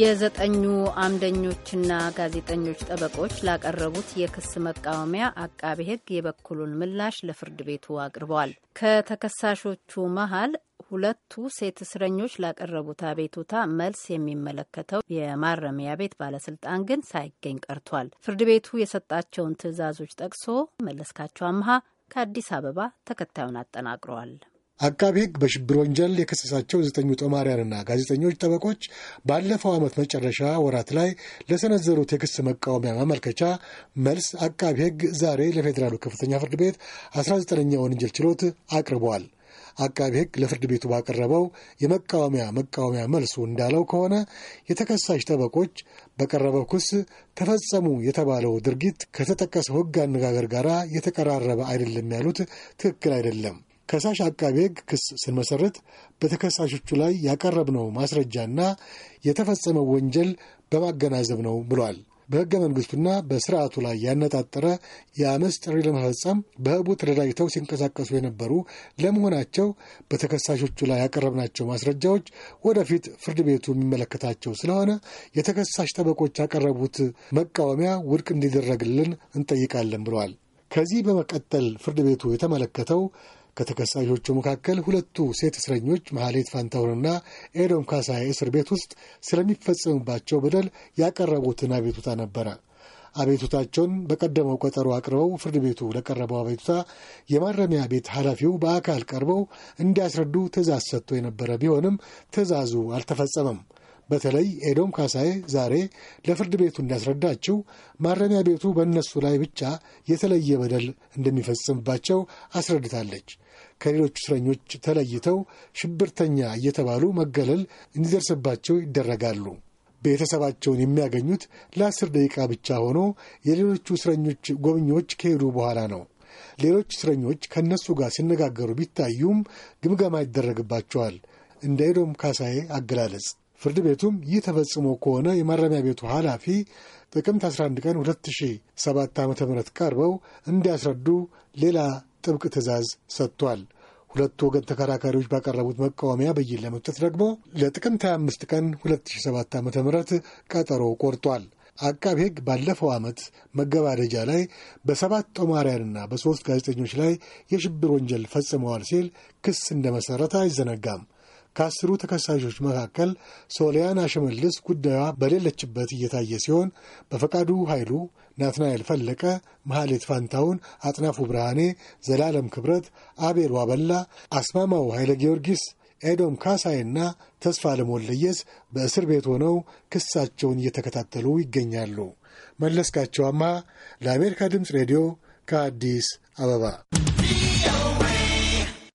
የዘጠኙ አምደኞችና ጋዜጠኞች ጠበቆች ላቀረቡት የክስ መቃወሚያ አቃቤ ሕግ የበኩሉን ምላሽ ለፍርድ ቤቱ አቅርበዋል። ከተከሳሾቹ መሀል ሁለቱ ሴት እስረኞች ላቀረቡት አቤቱታ መልስ የሚመለከተው የማረሚያ ቤት ባለስልጣን ግን ሳይገኝ ቀርቷል። ፍርድ ቤቱ የሰጣቸውን ትዕዛዞች ጠቅሶ መለስካቸው አምሃ ከአዲስ አበባ ተከታዩን አጠናቅረዋል። አቃቢ ሕግ በሽብር ወንጀል የከሰሳቸው ዘጠኙ ጦማሪያንና ጋዜጠኞች ጠበቆች ባለፈው ዓመት መጨረሻ ወራት ላይ ለሰነዘሩት የክስ መቃወሚያ ማመልከቻ መልስ አቃቢ ሕግ ዛሬ ለፌዴራሉ ከፍተኛ ፍርድ ቤት 19ኛ ወንጀል ችሎት አቅርቧል። አቃቢ ሕግ ለፍርድ ቤቱ ባቀረበው የመቃወሚያ መቃወሚያ መልሱ እንዳለው ከሆነ የተከሳሽ ጠበቆች በቀረበው ክስ ተፈጸሙ የተባለው ድርጊት ከተጠቀሰው ሕግ አነጋገር ጋር የተቀራረበ አይደለም ያሉት ትክክል አይደለም። ከሳሽ አቃቤ ሕግ ክስ ስንመሰርት በተከሳሾቹ ላይ ያቀረብነው ማስረጃና የተፈጸመው ወንጀል በማገናዘብ ነው ብሏል። በሕገ መንግሥቱና በስርዓቱ ላይ ያነጣጠረ የአመፅ ጥሪ ለመፈጸም በህቡ ተደራጅተው ሲንቀሳቀሱ የነበሩ ለመሆናቸው በተከሳሾቹ ላይ ያቀረብናቸው ማስረጃዎች ወደፊት ፍርድ ቤቱ የሚመለከታቸው ስለሆነ የተከሳሽ ጠበቆች ያቀረቡት መቃወሚያ ውድቅ እንዲደረግልን እንጠይቃለን ብለዋል። ከዚህ በመቀጠል ፍርድ ቤቱ የተመለከተው ከተከሳሾቹ መካከል ሁለቱ ሴት እስረኞች መሐሌት ፋንታሁንና ኤዶም ካሳይ እስር ቤት ውስጥ ስለሚፈጸምባቸው በደል ያቀረቡትን አቤቱታ ነበረ። አቤቱታቸውን በቀደመው ቀጠሮ አቅርበው ፍርድ ቤቱ ለቀረበው አቤቱታ የማረሚያ ቤት ኃላፊው በአካል ቀርበው እንዲያስረዱ ትእዛዝ ሰጥቶ የነበረ ቢሆንም ትእዛዙ አልተፈጸመም። በተለይ ኤዶም ካሳዬ ዛሬ ለፍርድ ቤቱ እንዳስረዳችው ማረሚያ ቤቱ በእነሱ ላይ ብቻ የተለየ በደል እንደሚፈጽምባቸው አስረድታለች። ከሌሎች እስረኞች ተለይተው ሽብርተኛ እየተባሉ መገለል እንዲደርስባቸው ይደረጋሉ። ቤተሰባቸውን የሚያገኙት ለአስር ደቂቃ ብቻ ሆኖ የሌሎቹ እስረኞች ጎብኚዎች ከሄዱ በኋላ ነው። ሌሎች እስረኞች ከእነሱ ጋር ሲነጋገሩ ቢታዩም ግምገማ ይደረግባቸዋል። እንደ ኤዶም ካሳዬ አገላለጽ ፍርድ ቤቱም ይህ ተፈጽሞ ከሆነ የማረሚያ ቤቱ ኃላፊ ጥቅምት 11 ቀን 2007 ዓ ም ቀርበው እንዲያስረዱ ሌላ ጥብቅ ትዕዛዝ ሰጥቷል። ሁለቱ ወገን ተከራካሪዎች ባቀረቡት መቃወሚያ ብይን ለመስጠት ደግሞ ለጥቅምት 25 ቀን 2007 ዓ ም ቀጠሮ ቆርጧል። አቃቤ ሕግ ባለፈው ዓመት መገባደጃ ላይ በሰባት ጦማርያንና በሦስት ጋዜጠኞች ላይ የሽብር ወንጀል ፈጽመዋል ሲል ክስ እንደመሠረተ አይዘነጋም። ከአስሩ ተከሳሾች መካከል ሶሊያና ሽመልስ ጉዳዩዋ በሌለችበት እየታየ ሲሆን በፈቃዱ ኃይሉ፣ ናትናኤል ፈለቀ፣ መሐሌት ፋንታውን፣ አጥናፉ ብርሃኔ፣ ዘላለም ክብረት፣ አቤል ዋበላ፣ አስማማው ኃይለ ጊዮርጊስ ኤዶም ካሳይና ተስፋ ለሞለየስ በእስር ቤት ሆነው ክሳቸውን እየተከታተሉ ይገኛሉ። መለስካቸው አማ ለአሜሪካ ድምፅ ሬዲዮ ከአዲስ አበባ